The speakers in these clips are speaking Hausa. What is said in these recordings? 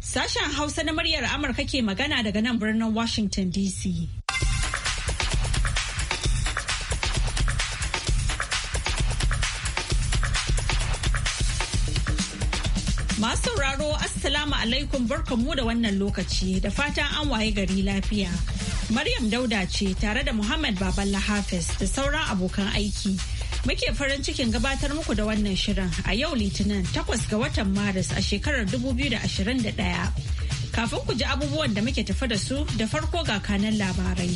Sashen Hausa na muryar Amurka ke magana daga nan birnin Washington DC. Masu sauraro Assalamu alaikum mu da wannan lokaci da fatan an waye gari lafiya. Maryam Dauda ce tare da Muhammad Baballa Hafiz da sauran abokan aiki. Muke farin cikin gabatar muku da wannan shirin a yau Litinin 8 ga watan Maris a shekarar 2021. Kafin ku ji abubuwan da muke tafi da su da farko ga kanan labarai.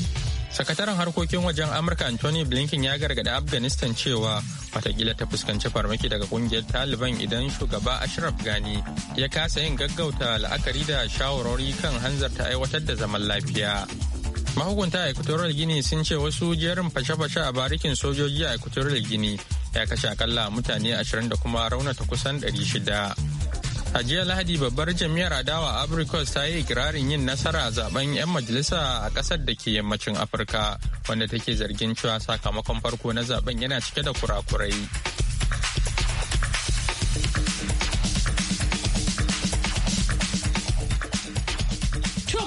Sakataren harkokin wajen Amurka Anthony Blinken ya gargada Afghanistan cewa watakila ta fuskanci farmaki daga kungiyar Taliban idan shugaba Ashraf Ghani ya kasa yin gaggauta la'akari da shawarwari kan hanzarta aiwatar da zaman lafiya. mahukunta a equatorial guinea sun ce wasu jerin fashe-fashe a barikin sojoji a equatorial guinea ya kashe akalla mutane 20 da kuma raunata kusan 600 a jiya lahadi babbar jami'ar adawa abricos ta yi ikirarin yin nasara a zaben 'yan majalisa a kasar da ke yammacin afirka wanda take zargin cewa sakamakon farko na zaben yana cike da kurakurai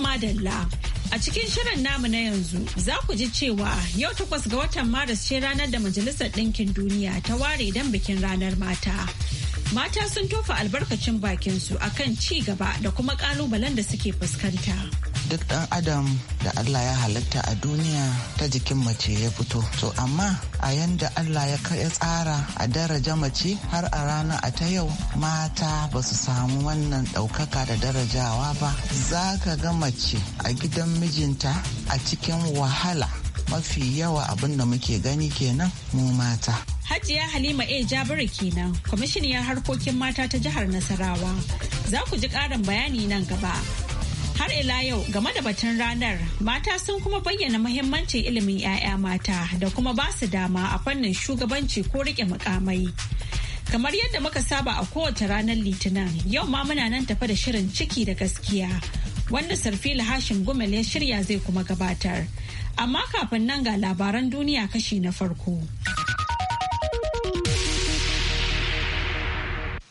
madalla A cikin shirin namu na yanzu za ku ji cewa yau takwas ga watan Maris ce ranar da Majalisar Ɗinkin Duniya ta ware don bikin ranar mata. Mata sun tofa albarkacin bakinsu akan ci gaba da kuma ƙalubalen da suke fuskanta. duk dan adam da allah ya halitta a duniya ta jikin mace ya fito to amma a yanda allah ya ya tsara a daraja mace har a rana a ta yau mata ba su samu wannan daukaka da darajawa ba za ka ga mace a gidan mijinta a cikin wahala mafi yawa abin da muke gani kenan mu mata Hajiya Halima A. Jabiru kenan, kwamishiniyar harkokin mata ta jihar Nasarawa. Za ku ji ƙarin bayani nan gaba. Har ila yau game da batun ranar mata sun kuma bayyana mahimmancin ilimin 'ya'ya mata da kuma ba su dama a fannin shugabanci ko rike mukamai. Kamar yadda muka saba a kowace ranar Litinin yau ma muna nan tafa da shirin ciki da gaskiya wanda Sarfila hashin Gumel ya shirya zai kuma gabatar. Amma kafin nan ga labaran duniya kashi na farko.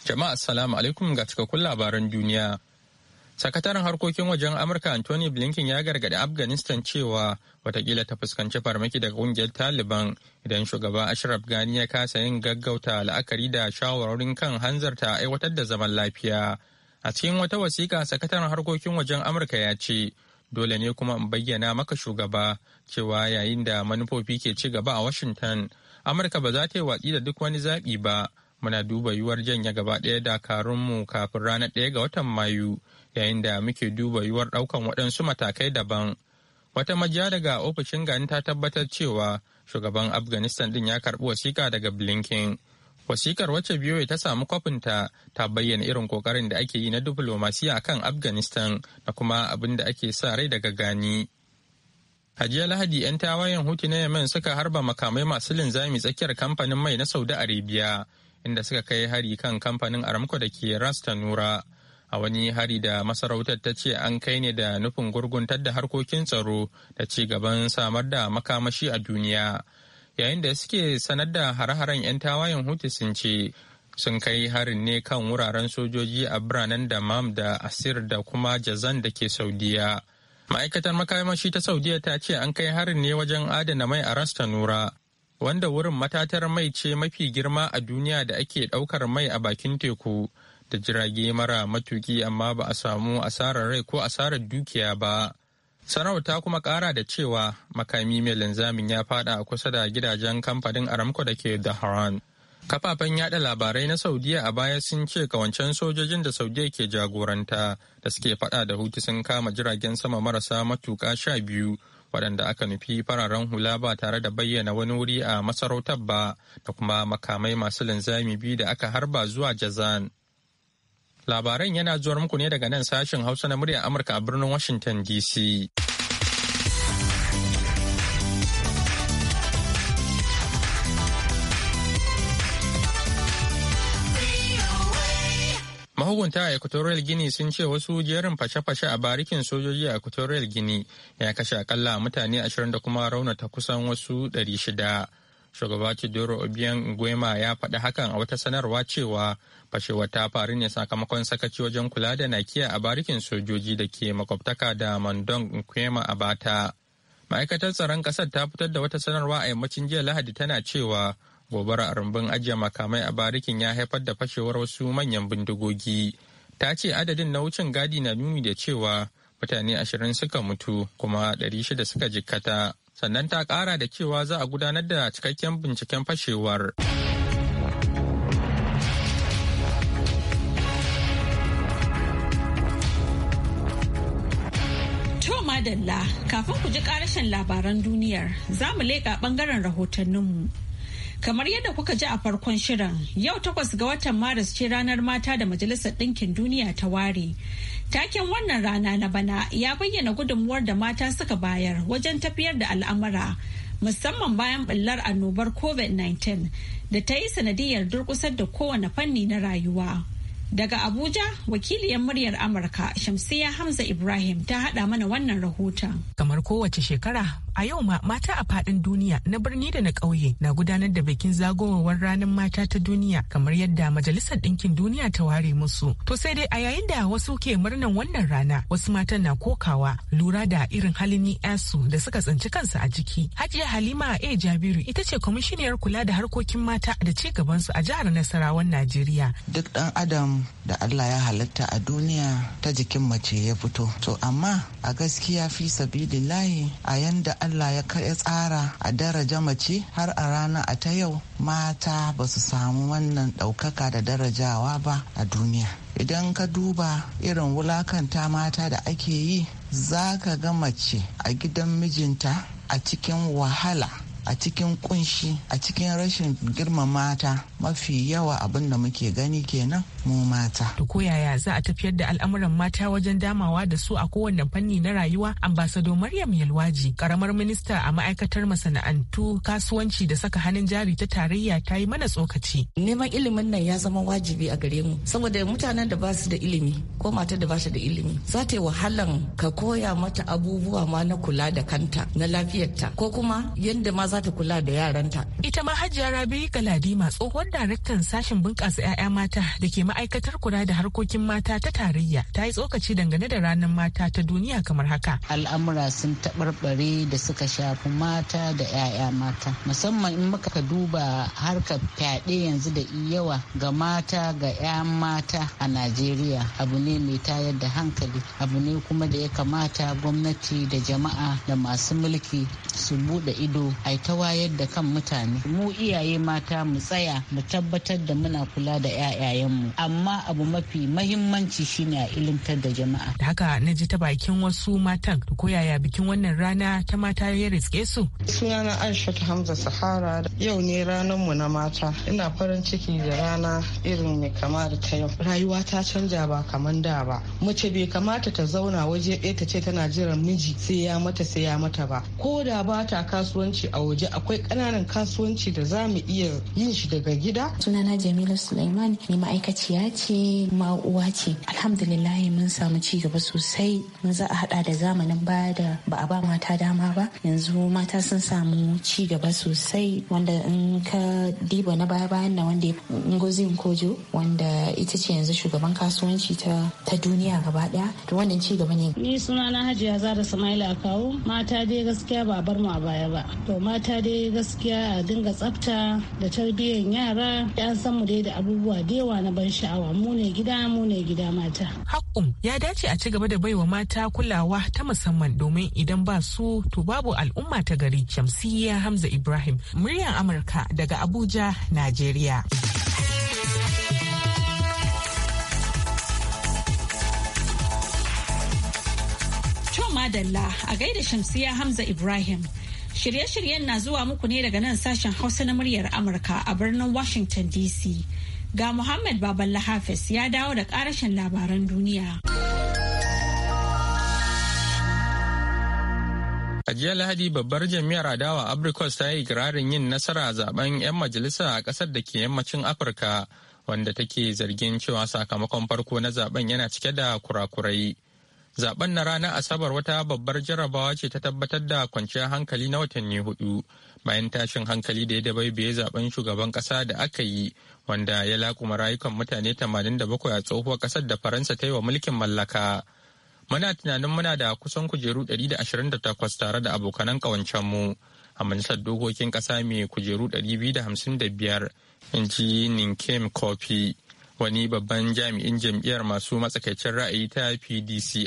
Jama'a salamu alaikum ga cikakkun labaran duniya. Sakataren harkokin wajen Amurka Anthony Blinken ya gargaɗi Afghanistan cewa watakila ta fuskanci farmaki daga ƙungiyar Taliban idan shugaba Ashraf Ghani ya kasa yin gaggauta la'akari da shawarorin kan hanzarta aiwatar da zaman lafiya. A cikin wata wasiƙa sakataren harkokin wajen Amurka ya ce, dole ne kuma in bayyana maka shugaba cewa yayin da manufofi ke ci gaba a Washington, Amurka ba za ta yi watsi da duk wani zaɓi ba. Muna duba yiwuwar janye gaba ɗaya dakarunmu kafin ranar ɗaya ga watan Mayu. yayin da muke duba yiwuwar ɗaukan waɗansu matakai daban wata majiya daga ofishin gani ta tabbatar cewa shugaban afghanistan ɗin ya karɓi wasiƙa daga blinken wasikar wacce biyoyi ta samu kwafinta ta bayyana irin ƙoƙarin da ake yi na diflomasiya kan afghanistan da kuma abin da ake sa rai daga gani hajiya lahadi 'yan tawayen hutu na yemen suka harba makamai masu linzami tsakiyar kamfanin mai na saudi arabia inda suka kai hari kan kamfanin aramco da ke ras nura a wani hari da masarautar ta ce an kai ne da nufin gurguntar da harkokin tsaro da ci gaban samar da makamashi a duniya yayin da suke sanar da hare-haren 'yan tawayen hutu sun ce sun kai harin ne kan wuraren sojoji a biranen da mam da asir da kuma jazan da ke saudiya ma'aikatar makamashi ta saudiya ta ce an kai harin ne wajen adana mai a rasta nura wanda wurin matatar mai ce mafi girma a duniya da ake ɗaukar mai a bakin teku da jirage mara matuki amma ba a samu asarar rai ko asarar dukiya ba. Sanarwar ta kuma kara da cewa makami mai linzamin ya fada a kusa da gidajen kamfanin Aramco da ke Dahran. Kafafen yada labarai na Saudiya a baya sun ce kawancen sojojin da Saudiya ke jagoranta da suke fada da hutu sun kama jiragen sama marasa matuka sha biyu waɗanda aka nufi fararen hula ba tare da bayyana wani wuri a masarautar ba da kuma makamai masu linzami biyu da aka harba zuwa Jazan. Labaran yana zuwar muku ne daga nan sashen Hausa na muryar Amurka a birnin Washington DC. mahukunta a equatorial guinea sun ce wasu jerin fashe-fashe a barikin sojoji a equatorial guinea ya kashe akalla mutane ashirin da kuma raunata kusan wasu 600 shugaba Chidoro Obiang Nguema ya faɗi hakan a wata sanarwa cewa fashewar ta faru ne sakamakon sakaci wajen kula da nakiya a barikin sojoji da ke makwabtaka da Mandong Nguema a bata. Ma'aikatar tsaron ƙasar ta fitar da wata sanarwa a yammacin jiya Lahadi tana cewa gobara a rumbun ajiye makamai a barikin ya haifar da fashewar wasu manyan bindigogi. Ta ce adadin na wucin gadi na nuni da cewa mutane ashirin suka mutu kuma ɗari shida suka jikkata. sannan ta kara da cewa za a gudanar da cikakken binciken fashewar. madalla kafin ku ji karashin labaran duniyar za mu leƙa ɓangaren rahotanninmu. Kamar yadda kuka ji a farkon shirin, yau takwas ga watan Maris ce ranar mata da Majalisar Ɗinkin Duniya ta ware. Taken wannan rana na bana ya bayyana gudunmuwar da mata suka bayar wajen tafiyar da al'amura musamman bayan ɓullar annobar COVID-19 da ta yi sanadiyar durkusar da kowane fanni na rayuwa. Daga Abuja, wakiliyar muryar Amurka Shamsiya Hamza Ibrahim ta haɗa mana wannan rahoton. Kamar kowace shekara, a yau ma mata a faɗin duniya na birni da na ƙauye na gudanar da bikin zagowar ranar mata ta duniya kamar yadda Majalisar Ɗinkin Duniya ta ware musu. To sai dai a yayin da wasu ke murnan wannan rana, wasu matan na kokawa lura da irin halin yasu da suka tsinci kansu a jiki. Hajiya Halima A. Jabiru ita ce kwamishiniyar kula da harkokin mata da ci gabansu a jihar Nasarawan Najeriya. Duk ɗan Adam da Allah ya halitta a duniya ta jikin mace ya fito to amma a gaskiya fi sabilillahi a yanda Allah ya tsara a daraja mace har a rana a ta yau mata ba su samu wannan ɗaukaka da darajawa ba a duniya idan ka duba irin wulakanta mata da ake yi za ka ga mace a gidan mijinta a cikin wahala a cikin kunshi a cikin rashin girmamata mafi yawa abin da muke gani kenan mu mata. To ko yaya za a tafiyar da al'amuran mata wajen damawa da su a kowane fanni na rayuwa ambasado Maryam Yalwaji karamar minista a ma'aikatar masana'antu kasuwanci da saka hannun jari ta tarayya ta yi mana tsokaci. Neman ilimin nan ya zama wajibi a gare mu saboda mutanen da ba su da ilimi ko matar da ba da ilimi za ta yi wahalan ka koya mata abubuwa ma na kula da kanta na lafiyarta ko kuma yadda ma za ta kula da yaranta. Ita ma Hajiya Rabi Galadima tsohon daraktan sashen bunƙasa 'ya'ya mata da ke ma'aikatar kula da harkokin mata ta tarayya ta yi tsokaci dangane da ranar mata ta duniya kamar haka. Al'amura sun taɓarɓare da suka shafi mata da 'ya'ya mata musamman in muka duba harkar fyaɗe yanzu da yawa ga mata ga 'yan mata a Najeriya abu ne mai tayar da hankali abu ne kuma da ya kamata gwamnati da jama'a da masu mulki su buɗe ido a ta wayar da kan mutane mu iyaye mata mu tsaya mu tabbatar da muna kula da 'ya'yayenmu amma abu mafi mahimmanci shine a ilimtar da jama'a da haka na ji ta bakin wasu matan ko yaya bikin wannan rana ta mata ya riske su sunana aisha hamza sahara yau ne ranar mu na mata ina farin ciki da rana irin mai kama ta yau rayuwa ta canja ba kamar da ba mace bai kamata ta zauna waje ɗaya ta ce tana jiran miji sai ya mata sai ya mata ba ko da ba ta kasuwanci a waje akwai ƙananan kasuwanci da za mu iya yin shi daga gida. Sunana Jamilu Sulaiman ni ma'aikaciya ce ma uwa ce. Alhamdulillah mun samu ci gaba sosai mun za a hada da zamanin baya da ba a ba mata dama ba yanzu mata sun samu ci gaba sosai wanda in ka diba na baya bayan na wanda ngozin kojo wanda ita ce yanzu shugaban kasuwanci ta ta duniya gaba daya to wannan ci gaba ne. Ni sunana Hajiya Zara Samaila kawo mata dai gaskiya ba bar mu a baya ba to mata dai gaskiya a dinga tsafta da tarbiyyar yara yan san mu dai da abubuwa da yawa na ban sha'awa mu ne gida mu ne gida mata. Hakkum ya dace a ci gaba da baiwa mata kulawa ta musamman domin idan ba su to babu al'umma ta gari Shamsiyya Hamza Ibrahim muryar Amurka daga Abuja, Najeriya. madalla a gaida shamsiya hamza ibrahim Shirye-shiryen na zuwa muku ne daga nan sashen Hausa na muryar Amurka a birnin Washington DC. Ga Muhammad Baballa Hafiz ya dawo da karashin labaran duniya. A jiya Lahadi babbar jami'ar adawa Abricos ta yi girarin yin nasara a zaben 'yan majalisa a ƙasar da ke yammacin Afirka wanda take zargin cewa sakamakon farko na zaben yana cike da kurakurai. Zaben na ranar Asabar wata babbar jarabawa ce ta tabbatar da kwanciyar hankali na watanni hudu bayan tashin hankali da ya dabaibaye zaben shugaban kasa da aka yi wanda ya lakuma rayukan mutane 87 a tsohuwar kasar da Faransa ta yi wa mulkin mallaka. Muna tunanin muna da kusan kujeru 128 tare da abokanan mu a majalisar dokokin kasa mai kujeru 255 in ji Ninkem Kofi wani babban jami'in jam'iyyar masu matsakaicin ra'ayi ta pdci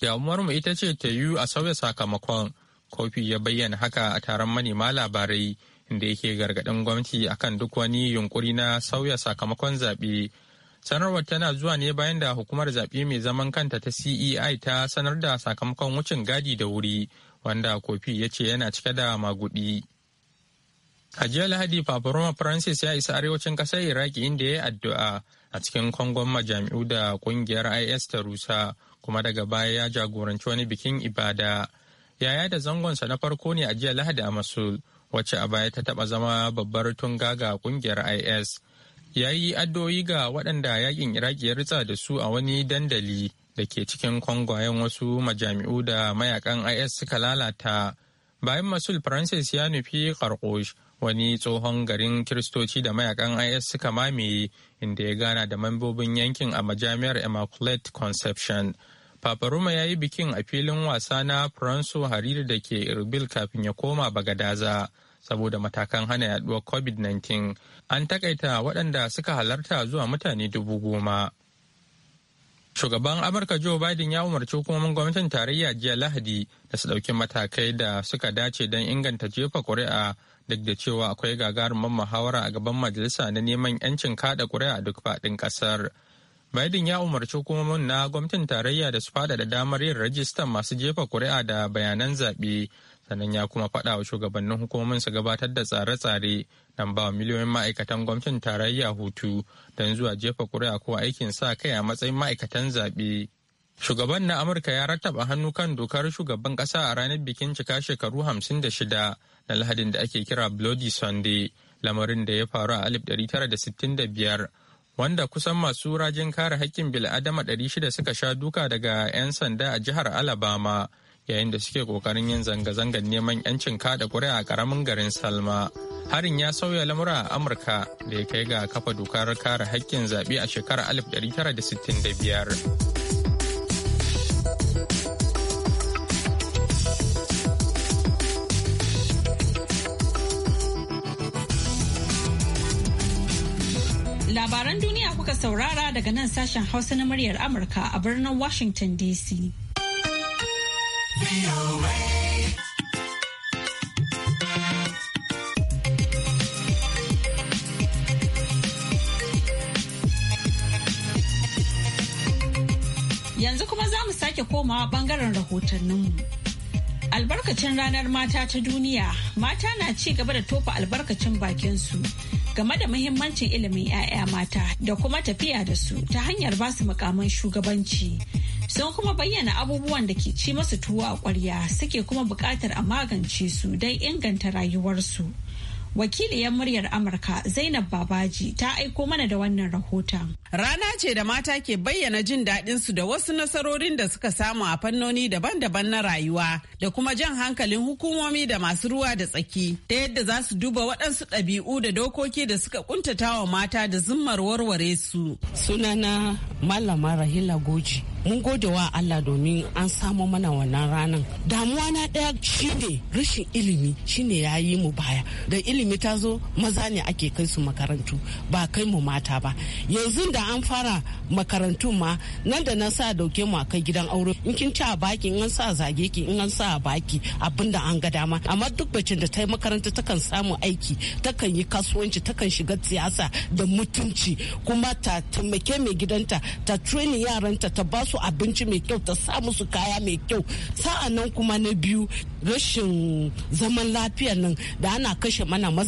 damuwar mu ita ce ta yi a sauya sakamakon kofi ya bayyana haka a taron manema labarai inda yake gargaɗin gwamnati akan duk wani yunkuri na sauya sakamakon zaɓe sanarwar tana zuwa ne bayan da hukumar zaɓe mai zaman kanta ta cei ta sanar da sakamakon wucin gadi da wuri wanda kofi ya ce yana cike da magudi A jiya Lahadi, Papa Francis ya isa arewacin ƙasar Iraki inda ya yi addu'a a cikin kwangon majami'u da ƙungiyar IS ta rusa, kuma daga baya ya jagoranci wani bikin ibada. Yaya da zangonsa na farko ne a jiya Lahadi a Masul, wacce a baya ta taɓa zama babbar tunga ga ƙungiyar IS. Ya yi addu'o'i ga waɗanda yaƙin Iraki ya ritsa da su a wani dandali da ke cikin kwangwayen wasu majami'u da mayakan IS suka lalata. Bayan Masul Francis ya nufi Karkosh, wani tsohon garin kiristoci da mayakan is suka mamaye inda ya gana da mambobin yankin a majami'ar immaculate conception paparuma ya yi bikin a filin wasa na franso hariri da ke irbil kafin ya koma bagadaza saboda matakan hana yaduwar covid-19 an takaita waɗanda suka halarta zuwa mutane dubu goma Shugaban Amurka Joe Biden ya umarci hukumomin gwamnatin tarayya jiya Lahadi da su ɗauki matakai da suka dace don inganta jefa ƙuri'a duk da cewa akwai gagarumin muhawara a gaban majalisa na neman 'yancin kada kuri'a a duk faɗin ƙasar. Biden ya umarci hukumomin na gwamnatin tarayya da su faɗaɗa damar yin rajistan masu jefa kuri'a da bayanan zaɓe, sannan ya kuma faɗa wa shugabannin hukumomin su gabatar da tsare-tsare don ba miliyoyin ma'aikatan gwamnatin tarayya hutu don zuwa jefa kuri'a ko aikin sa kai a matsayin ma'aikatan zaɓe. Shugaban na Amurka ya rattaba hannu kan dokar shugaban ƙasa a ranar bikin cika shekaru 56 na Lahadin da ake kira Bloody Sunday, lamarin da ya faru a 1965, wanda kusan masu rajin kare haƙƙin bil'adama 600 suka sha duka daga 'yan sanda a jihar Alabama, yayin da suke kokarin yin zanga-zangar neman 'yancin kada ƙuri'a a karamin garin Salma. Harin ya sauya lamura a Amurka da ya kai ga kafa dokar kare haƙƙin zaɓe a shekarar 1965. Labaran duniya kuka saurara daga nan sashen Hausa na muryar Amurka a birnin Washington DC. Yanzu kuma za mu sake komawa bangaren rahotanninmu. Albarkacin ranar mata ta duniya, mata na ci gaba da tofa albarkacin bakinsu game da muhimmancin ilimin 'ya'ya mata da kuma tafiya da su ta hanyar ba su mukaman shugabanci. Sun kuma bayyana abubuwan da ke ci masu tuwo a kwarya suke kuma bukatar a magance su don inganta rayuwarsu. wakiliyar muryar amurka zainab babaji ta aiko mana da wannan rahoton rana ce da mata ke bayyana jin daɗinsu da wasu nasarorin da suka samu a fannoni daban-daban na rayuwa da kuma jan hankalin hukumomi da masu ruwa da tsaki ta yadda za su duba waɗansu ɗabi'u da dokoki da suka kuntatawa mata da zimmar warware su sunana malama rahila goji mun gode wa Allah domin an samu mana wannan ranan damuwa na ɗaya shine rashin ilimi shine ya yi mu baya da ilimi ta zo maza ne ake kai su makarantu ba kai mu mata ba yanzu da an fara makarantu ma nan da nan sa dauke mu a kai gidan aure in kin ci a baki in an sa zage ki in an sa a baki abinda an ga dama amma duk bacin da ta yi makaranta takan samu aiki takan yi kasuwanci takan shiga siyasa da mutunci kuma ta taimake mai gidanta ta training yaranta ta ba su abinci mai kyau ta sa musu kaya mai kyau sa'annan kuma na biyu rashin zaman lafiya nan da ana kashe mana mu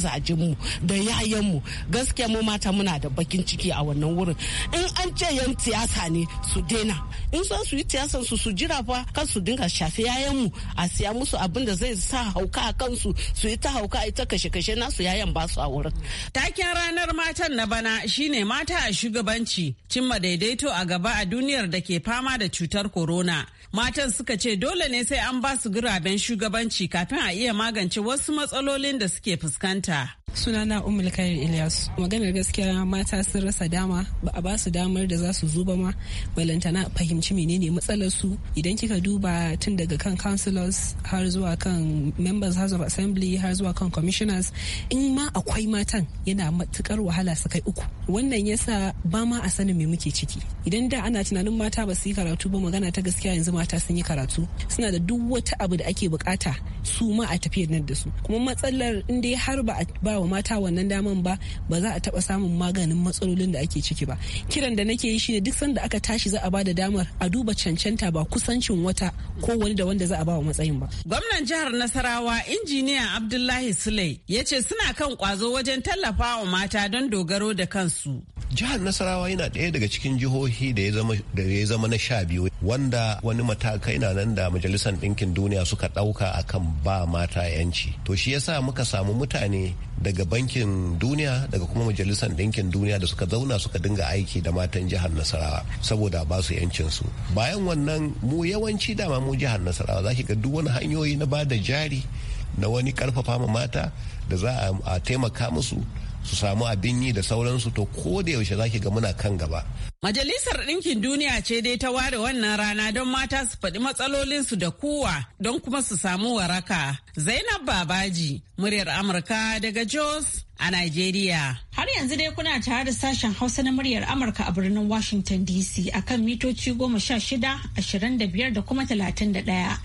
da yayanmu gaskiya mu mata muna da bakin ciki a wannan wurin in an ce yan siyasa ne su daina in so su yi siyasan su su jira fa kan su dinga shafi yayanmu a siya musu abin da zai sa hauka a kansu su yi ta hauka ita kashe-kashe nasu yayan ba su a wurin taken ranar matan na bana shine mata a shugabanci cimma daidaito a gaba a duniyar da ke fama da cutar corona. Matan suka ce dole ne sai an ba su guraben shugabanci kafin a iya magance wasu matsalolin da suke fuskanta. sunana umul kayan ilyas maganar gaskiya mata sun rasa dama ba a ba su damar da za su zo ba ma balantana fahimci menene matsalar su idan kika duba tun daga kan councilors har zuwa kan members house of assembly har zuwa kan commissioners in ma akwai matan yana matukar wahala su kai uku wannan yasa ba ma a sanin me muke ciki idan da ana tunanin mata ba su yi karatu ba magana ta gaskiya yanzu mata sun yi karatu suna da duk wata abu da ake bukata su ma a tafiyar nan da su kuma matsalar in dai har ba a wa mata wannan daman ba ba za a taba samun maganin matsalolin da ake ciki ba kiran da nake yi shine duk sanda aka tashi za a ba da damar a duba cancanta ba kusancin wata ko wani da wanda za a ba wa matsayin ba gwamnan jihar nasarawa injiniya abdullahi sule ya ce suna kan kwazo wajen tallafa wa mata don dogaro da kansu jihar nasarawa yana ɗaya daga cikin jihohi da ya zama na sha biyu wanda wani matakai na nan da majalisar ɗinkin duniya suka ɗauka akan ba mata yanci to shi yasa muka samu mutane da daga bankin duniya daga kuma majalisar ɗinkin duniya da suka zauna suka dinga aiki da matan jihar nasarawa saboda ba su yancinsu bayan wannan mu yawanci dama mu jihar nasarawa za ki ga duk wani hanyoyi na ba da jari na wani karfafa mata da za a taimaka musu su samu abin yi da sauransu to ko da yaushe zaki ga muna kan gaba Majalisar Ɗinkin Duniya ce dai ta ware wannan rana don mata su faɗi matsalolinsu da kowa don kuma su samu waraka. Zainab Babaji, muryar Amurka daga Jos a Nigeria. Har yanzu dai kuna tare da sashen Hausa na muryar Amurka a birnin Washington DC akan mitoci goma sha shida, ashirin da biyar da kuma talatin da ɗaya.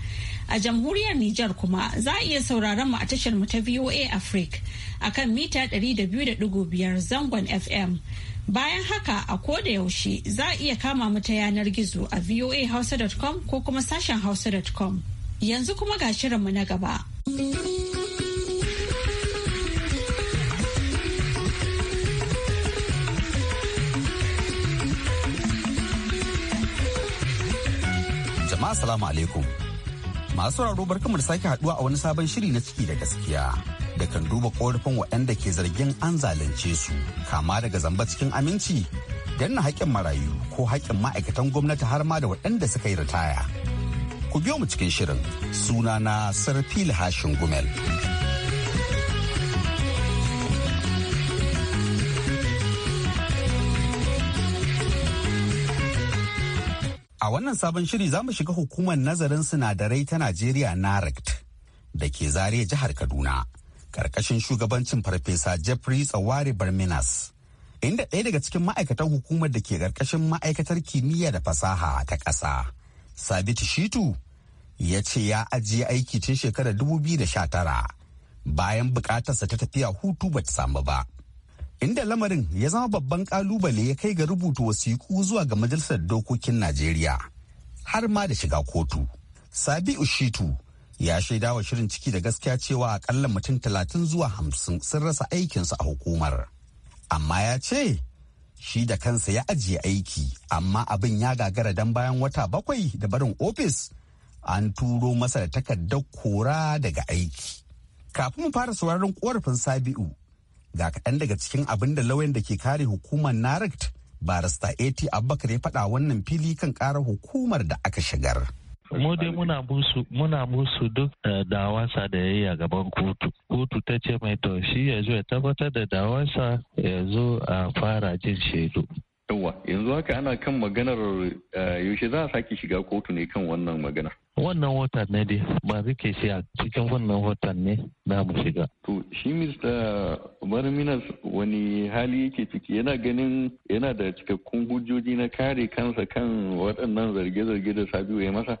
A jamhuriyar Nijar kuma za a iya sauraron mu a tashar mu ta VOA Africa a kan mita 200.5 zangon FM. Bayan haka a koda yaushe za a iya kama mu ta yanar gizo a voahausa.com ko kuma sashen hausa.com. Yanzu kuma ga shirin mu na gaba. Jama'a salamu alaikum. Masu sauraro barkamu da sake haduwa a wani sabon shiri na ciki da gaskiya da kan duba korafin waɗanda ke zargin an zalunce su kama daga zamba cikin aminci danna haƙƙin marayu ko haƙƙin ma'aikatan gwamnati har ma da waɗanda suka yi ritaya. Ku biyo mu cikin shirin sunana Sarfil Hashin Gumel. A wannan sabon shiri za mu shiga hukumar nazarin sinadarai ta Najeriya NARECT da ke zare jihar Kaduna, karkashin shugabancin Farfesa Jeffrey Tsawari Barminas. Inda ɗaya daga cikin ma'aikatan hukumar da ke ƙarƙashin ma'aikatar kimiyya da fasaha ta ƙasa, Sabitu Shitu, ya ce ya ajiye aiki tun shekarar 2019 bayan bukatarsa ta tafiya hutu bata samu ba. inda lamarin ya zama babban kalubale ya kai ga rubuta wasiƙu zuwa ga majalisar dokokin najeriya har ma da shiga kotu sabi ushitu ya shaida wa shirin ciki da gaskiya cewa akalla mutum talatin zuwa hamsin sun rasa aikinsu a hukumar amma ya ce shi da kansa ya ajiye aiki amma abin ya gagara dan bayan wata bakwai da barin ofis an turo masa da takardar kora daga aiki kafin mu fara sauraron korafin sabi'u ga kaɗan daga cikin abin da lauyan da ke kare hukumar narakt barista eti abubakar ya faɗa wannan fili kan ƙara hukumar da aka shigar mu dai muna musu muna musu duk eh, dawansa da yayi a gaban kotu kotu ta ce mai to shi ya zo ya tabbatar da dawansa ya zo a fara jin shaidu yawa yanzu haka ana kan maganar eh, yaushe za a sake shiga kotu ne kan wannan maganar wannan watan ne dai ba zuke shi a cikin wannan watan ne na mu shiga to shi mr barminas wani hali yake ciki yana ganin yana da cikakkun hujjoji na kare kansa kan waɗannan zarge-zarge da sabiwa ya masa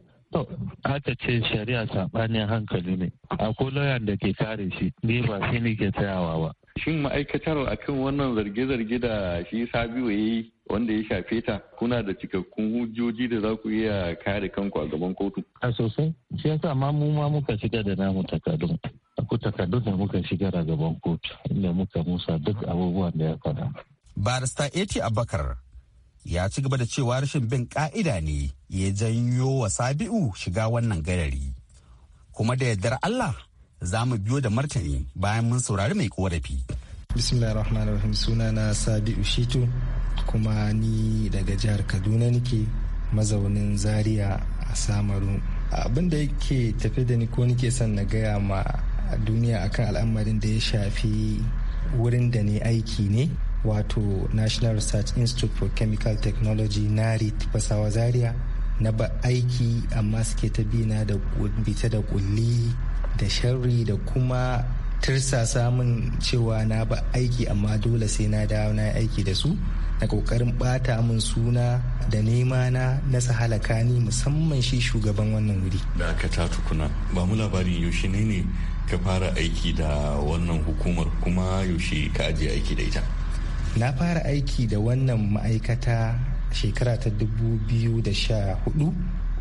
haka ce shari'a saɓanin hankali ne akwai lauyan da ke kare shi ni ba shi ne ke tsayawa ba Shin ma'aikatar akan wannan zarge-zarge da shi Sabiu ya yi wanda ya shafe ta kuna da cikakkun hujjoji da za ku iya kare kanku a gaban kotu. A sosai, shi yasa ma mu ma muka shiga da namu takardun. Ku takardun da muka shiga a gaban kotu inda muka musa duk abubuwan da ya faɗa. Barista Eti Abakar ya ci gaba da cewa rashin bin ƙa'ida ne ya janyo wa Sabi'u shiga wannan gadari. Kuma da yardar Allah za mu biyo da martani bayan mun saurari mai korafi. bismillahirrahmanirrahim suna na sabi'u shitu kuma ni daga jihar kaduna nake mazaunin zaria a samaru abin da yake tafi da ni ko nake son na gaya ma duniya akan al'amarin da ya shafi wurin da ne aiki ne wato national research institute for chemical technology narit fasawa zaria na ba aiki amma suke ta bina da bita da kulli da sharri da kuma tirsa samun cewa na ba aiki amma dole sai na dawo na aiki da su na kokarin bata min suna da nema na na halaka ni musamman shi shugaban wannan wuri da aka ta tukuna ba mu labarin yaushe ne ne ka fara aiki da wannan hukumar kuma yaushe ka ajiye aiki da ita na fara aiki da wannan ma'aikata shekara ta 2014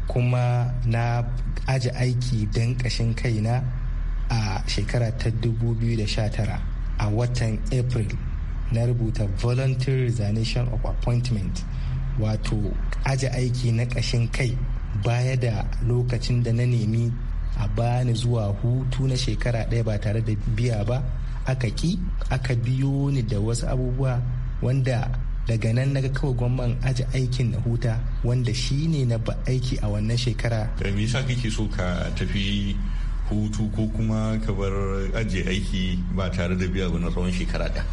kuma na aji aiki don kashin kaina a shekara ta 2019 a watan april na rubuta voluntary resignation of appointment wato aji aiki na kashin kai baya da lokacin da na nemi a bani zuwa hutu na shekara ɗaya ba tare da biya ba aka ki aka biyo ni da wasu abubuwa wanda daga nan naga kawai gwamnan aji aikin na huta wanda shi ne na ba aiki a wannan shekara eh, me yasa kake so ka tafi hutu ko kuma ka bar ajiye aiki ba tare da biya na tsawon shekara ɗaya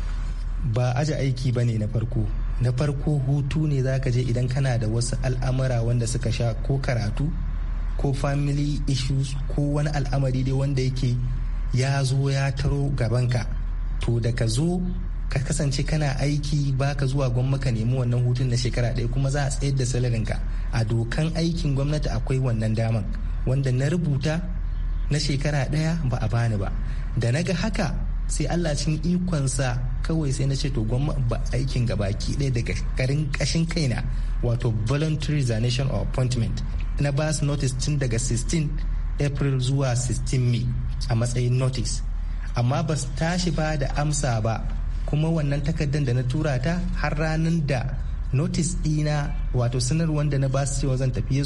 ba aji aiki ba ne na farko na farko hutu ne za ka je idan kana da wasu al'amura wanda suka sha ko karatu ko family issues ko wani al'amari dai wanda yake ya zo ya taro gabanka to da ka zo ka kasance kana aiki ba ka zuwa gwamma ka nemi wannan hutun na shekara ɗaya kuma za a tsayar da salarin ka a dokan aikin gwamnati akwai wannan daman wanda na rubuta na shekara ɗaya ba a bani ba da naga haka sai Allah cin ikonsa kawai sai na ce to gwamma ba aikin gabaki ɗaya daga karin kashin kaina wato voluntary resignation or appointment na ba su notice tun daga 16 april zuwa 16 may a matsayin notice amma ba su tashi ba da amsa ba kuma wannan takardar da na tura ta har ranar da notice dina wato sanarwar da na basu su cewa zan tafi ya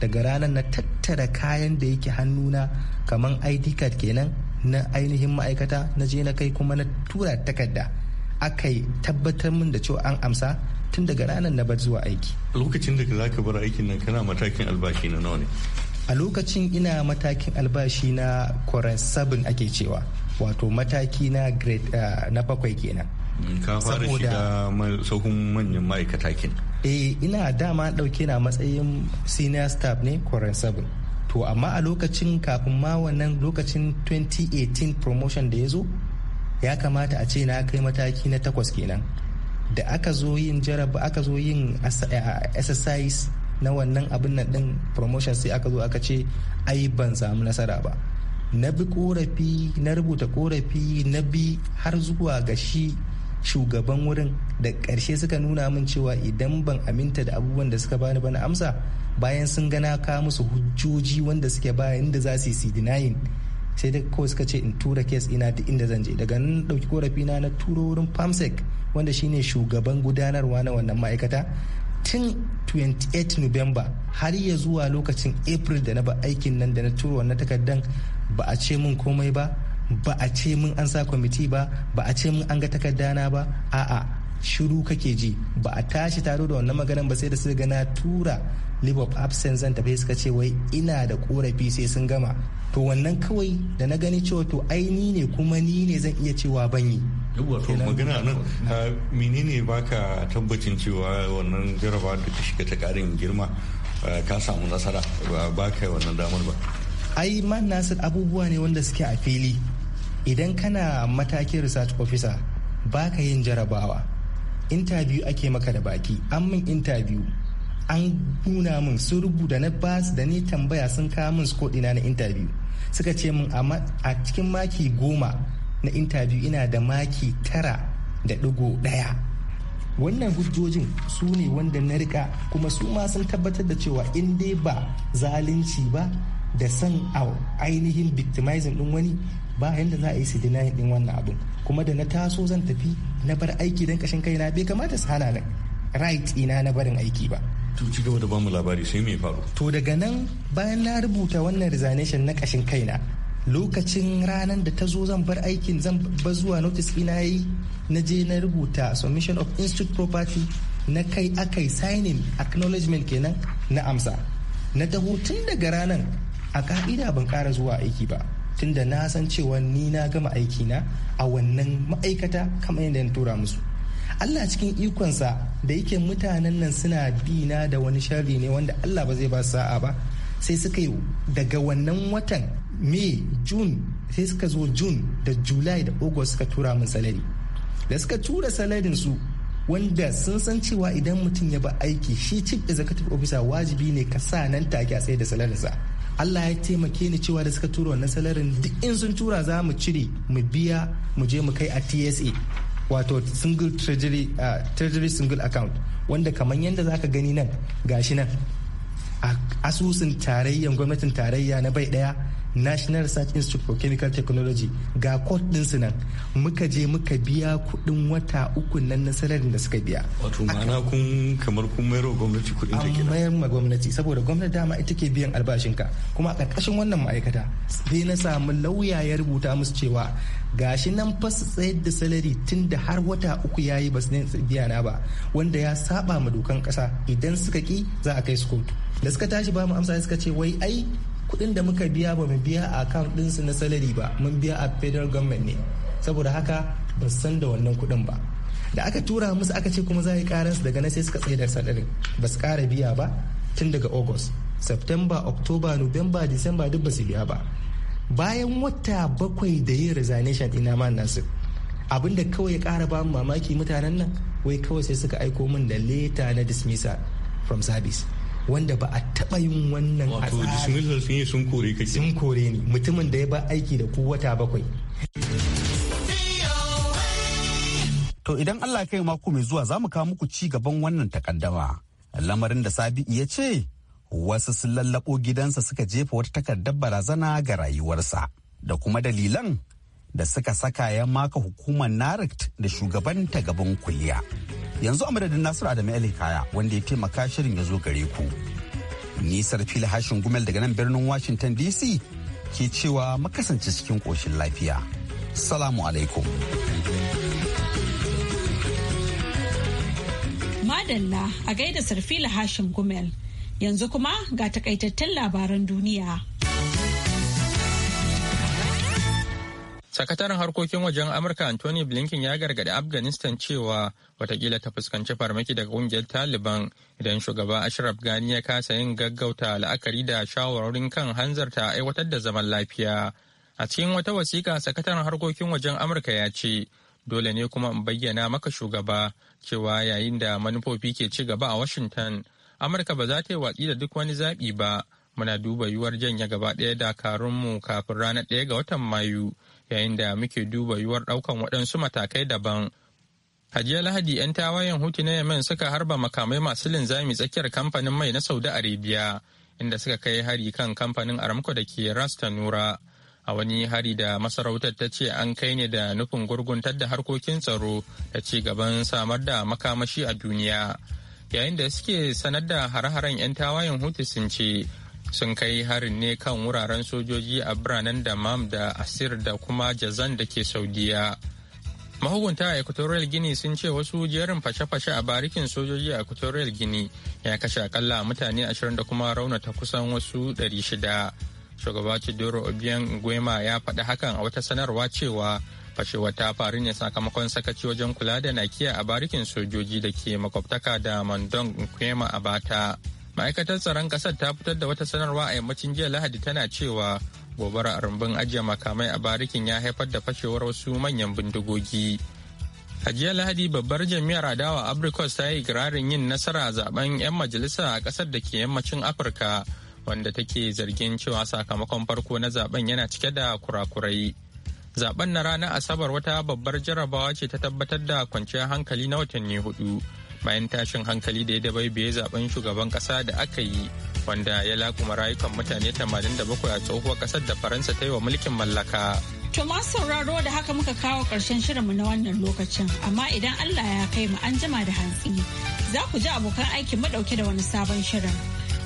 daga ranar na tattara kayan da yake hannuna kamar id card kenan na ainihin ma'aikata na je na kai kuma na tura takarda aka tabbatar min da cewa an amsa tun daga ranar na bar zuwa aiki lokacin da za ka bar aikin nan kana matakin albashi na nawa ne a lokacin ina matakin albashi na koren ake cewa wato mataki na grade eh, na bakwai kenan ka fara shiga sauhun manyan ma'aikata kin eh ina dama dauke na matsayin senior staff ne kwaran sabin to amma a lokacin kafin ma wannan lokacin 2018 promotion da ya zo ya kamata a ce na kai mataki na takwas kenan da aka zo yin jaraba aka zo yin eh, exercise na wannan abin nan din promotion sai aka zo aka ce ai ban samu nasara ba na bi korafi na rubuta korafi na bi har zuwa ga shi shugaban wurin da ƙarshe suka nuna min cewa idan ban aminta da abubuwan da suka bani bana amsa bayan sun gana ka musu hujjoji wanda suke bayan da za su yi denying sai da kawai suka ce in tura kes ina duk inda zan je daga nan dauki korafi na na turo wurin famsec wanda shine shugaban gudanarwa na wannan ma'aikata tun 28 november har ya zuwa lokacin april da na ba aikin nan da na turo wannan takardan ba a ce mun komai ba ba a ce mun an sa kwamiti ba ba a ce mun an ga takardana ba a'a shiru kake ji ba a tashi taro da wannan maganan ba sai da suka gana tura leave of absence zan tafi suka ce wai ina da korafi sai sun gama to wannan kawai da na gani cewa to ai ni ne kuma ni ne zan iya cewa ban yi to magana nan ah, menene baka tabbacin cewa wannan jaraba da ta shiga ta karin girma ah, ka samu nasara ba ka wannan damar ba ai man nasir abubuwa ne wanda suke a fili idan kana matakin research officer ba ka yin jarabawa interview ake maka da baki an min interview an nuna min sun rubuta na bas da ni tambaya sun kawo min koɗina na interview suka ce min a cikin maki goma na interview ina da maki tara da ɗigo ɗaya wannan hujjojin su ne wanda na rika kuma su ma sun tabbatar da cewa in dai ba zalunci ba da san a ainihin victimizing ɗin wani ba yadda za a yi su denying ɗin wannan abin kuma da na taso zan tafi na bar aiki don kashin kaina bai kamata su hana right ina na barin aiki ba to ci gaba da bamu labari sai me faru to daga nan bayan na rubuta wannan resignation na kashin kaina lokacin ranar da ta zo zan bar aikin zan ba zuwa notice ina yi na je na rubuta submission of institute property na kai aka yi signing acknowledgement kenan na amsa na taho tun daga ranar a ka'ida ban kara zuwa aiki ba tun da na san cewa ni na gama aiki na a wannan ma'aikata kamar yadda na tura musu Allah cikin ikonsa da yake mutanen nan suna bina da wani sharri ne wanda Allah ba zai ba sa'a ba sai suka yi daga wannan watan may june sai suka zo june da july da august suka tura min salari da suka tura salarin su wanda sun san cewa idan mutum ya ba aiki shi chief executive officer wajibi ne ka sa nan take a tsaye da salarinsa Allah ya taimake ni cewa da suka tura wannan salarin duk in sun tura za mu cire mu biya mu je mu kai a TSA wato single treasury uh, treasury single account wanda kamar yadda zaka gani nan gashi nan a asusun tarayyan gwamnatin tarayya na bai daya national research institute for chemical technology ga kot su nan muka je muka biya kuɗin wata uku nan na salarin da suka biya wato ma'ana kun kamar kun mayar wa gwamnati kuɗin ta kenan mayar ma gwamnati saboda gwamnati dama ita ke biyan albashinka kuma a ƙarƙashin wannan ma'aikata sai na samu lauya ya rubuta musu cewa Ga shi nan fa tsayar da salari tun da har wata uku ya yi ba su biya na ba wanda ya saba ma dokan ƙasa idan suka ki za a kai su kotu da suka tashi ba mu amsa suka ce wai ai kuɗin da muka biya ba mu biya a account su na salari ba mun biya a federal government ne saboda haka ba san da wannan kuɗin ba da aka tura musu aka ce kuma za a yi karansu daga na sai suka tsaye da sadarin ba su kara biya ba tun daga august september october november december duk ba su biya ba bayan wata bakwai da yin resignation ina ma nasu abinda kawai ya kara ba mamaki mutanen nan wai kawai sai suka aiko min da leta na dismissal from service wanda ba a taba yin wannan a tsari sun kore kake sun kore ni mutumin da ya ba aiki da ku wata bakwai to idan Allah kai mako mai zuwa za mu kawo muku ci gaban wannan takaddama lamarin da sabi ya ce wasu sun lallabo gidansa suka jefa wata takardar barazana ga rayuwarsa da kuma dalilan da suka saka ya maka hukumar NARICT da shugaban ta gaban kuliya. Yanzu a madadin Nasiru Adamu Elikaya wanda ya taimaka shirin ya zo gare ku. Nisar fili hashin gumel daga nan birnin Washington DC ke cewa makasance cikin koshin lafiya. Salamu alaikum. Madalla a gaida sarfila Hashim Gumel. Yanzu kuma ga takaitattun labaran duniya. Sakataren harkokin wajen Amurka Anthony Blinken ya gargaɗi Afghanistan cewa watakila ta fuskanci farmaki daga ƙungiyar Taliban idan shugaba Ashraf Ghani ya kasa yin gaggauta la'akari da shawarorin kan hanzarta aiwatar da zaman lafiya. A cikin wata wasiƙa sakataren harkokin wajen Amurka ya ce, dole ne kuma in bayyana maka shugaba cewa yayin da manufofi ke ci gaba a Washington, Amurka ba za ta yi watsi da duk wani zaɓi ba. Muna duba yiwuwar janye gaba ɗaya dakarunmu kafin ranar ɗaya ga watan Mayu. yayin da muke duba yiwuwar ɗaukan waɗansu matakai daban. Hajiya Lahadi 'yan tawayen hutu na Yemen suka harba makamai masu linzami tsakiyar kamfanin mai na Saudi Arabia inda suka kai hari kan kamfanin Aramco da ke Ras Tanura. A wani hari da masarautar ta ce an kai ne da nufin gurguntar da harkokin tsaro da ci gaban samar da makamashi a duniya. Yayin da suke sanar da hare-haren 'yan tawayen hutu sun ce sun kai harin ne kan wuraren sojoji a biranen damam da asir da kuma jazan da ke saudiya mahukunta a equatorial guinea sun ce wasu jerin fashe-fashe a barikin sojoji a equatorial guinea ya kashe akalla mutane ashirin da kuma raunata kusan wasu 600 shugaba chidoro obiang nguema ya faɗi hakan a wata sanarwa cewa fashewar ta faru ne sakamakon sakaci wajen kula da nakiya a barikin sojoji da ke makwabtaka da mandong nguema a bata ma'aikatar tsaron ƙasar ta fitar da wata sanarwa a yammacin jiya lahadi tana cewa gobara a rumbun ajiye makamai a barikin ya haifar da fashewar wasu manyan bindigogi a jiya lahadi babbar jami'ar adawa abricos ta yi ikirarin yin nasara a zaben 'yan majalisa a ƙasar da ke yammacin afirka wanda take zargin cewa sakamakon farko na zaben yana cike da kurakurai zaben na ranar asabar wata babbar jarabawa ce ta tabbatar da kwanciyar hankali na watanni hudu bayan tashin hankali da ya biye zaben shugaban kasa da aka yi wanda ya lakuma rayukan mutane 87 a tsohuwar kasar da faransa ta yi wa mulkin mallaka to masu sauraro da haka muka kawo karshen shirinmu na wannan lokacin amma idan allah ya kai mu an jima da hantsi za ku ji abokan aikin madauke da wani sabon shirin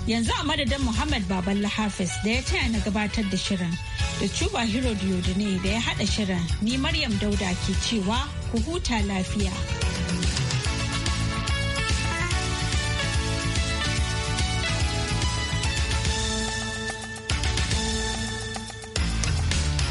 yanzu a madadin muhammad baballa hafiz da ya taya na gabatar da shirin da cuba hero diodine da ya hada shirin ni maryam dauda ke cewa ku huta lafiya